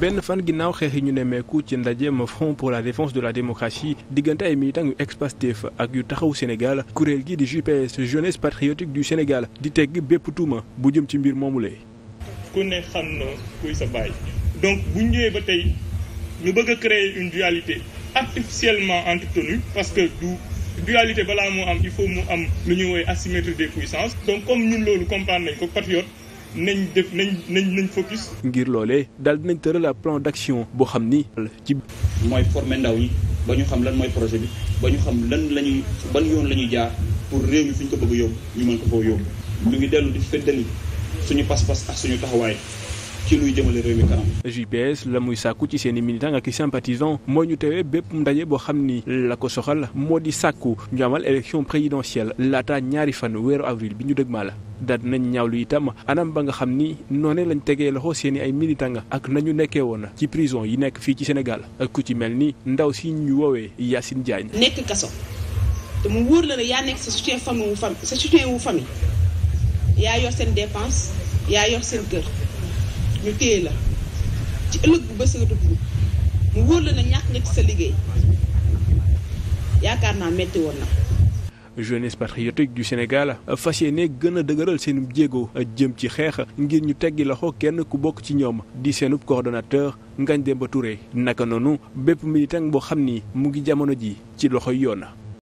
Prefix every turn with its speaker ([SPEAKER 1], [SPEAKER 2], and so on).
[SPEAKER 1] benn fan ginaaw xeex yi ñu ne nemmeeku ci ndajeem front pour la défense de la démocratie diggante ay militants yu ex-Pastef ak yu taxaw Sénégal kuréel gi di JPS jeunesse patriotique du Sénégal di teg bépp tuuma bu jëm ci mbir moomule.
[SPEAKER 2] ku ne xam na kuy sa baay donc buñ ñëwee ba tey ñu bëgg a créer une dualité artificiellement entretenue parce que du. dualité balaa moo am il faut mu am lu ñu woowee asymétrie des puissances donc comme ñun loolu comprendre nañ ko patriote nañ def nañ nañ nañ
[SPEAKER 1] ngir loole daal dinañ
[SPEAKER 3] tëral plan d'action boo xam ni ci. mooy former ndaw yi ba ñu xam lan mooy projet bi ba ñu xam lan la ñuy ban yoon la ñuy jaar pour réew mi fi ñu ko bëgg a ñu mën ko foo yóbbu ñu
[SPEAKER 1] ngi dellu di feddali suñu pas-pas ak suñu taxawaay. ci la muy sàkku ci seen i militants ak i sympathisants mooy ñu tewee bépp ndaje boo xam ni la ko soxal moo di sàkku ñu amal élection présidentielle laata ñaari fan weeru avril bi ñu dëgmal daal nañ ñaawlu itam anam ba nga xam ni noonee lañ tegee loxo seen i ay militants ak nañu nekkee woon ci prison yi nekk fii ci Sénégal ku ci mel ni ndaw si ñu woowee Yacine Diagne.
[SPEAKER 4] nekk kaso te mu wóor la ne yaa nekk sa soutien famille wu famille yaa yor seen dépense yaa la ci yaakaar naa metti woon na.
[SPEAKER 1] jeunesse patriotique du Sénégal fas yéene gën a dëgëral seen jéego jëm ci xeex ngir ñu teggi loxo kenn ku bokk ci ñoom di seenub coordonnateur Ngagne Demba Touré naka noonu bépp militant boo xam ni mu ngi jamono ji ci loxo yoon.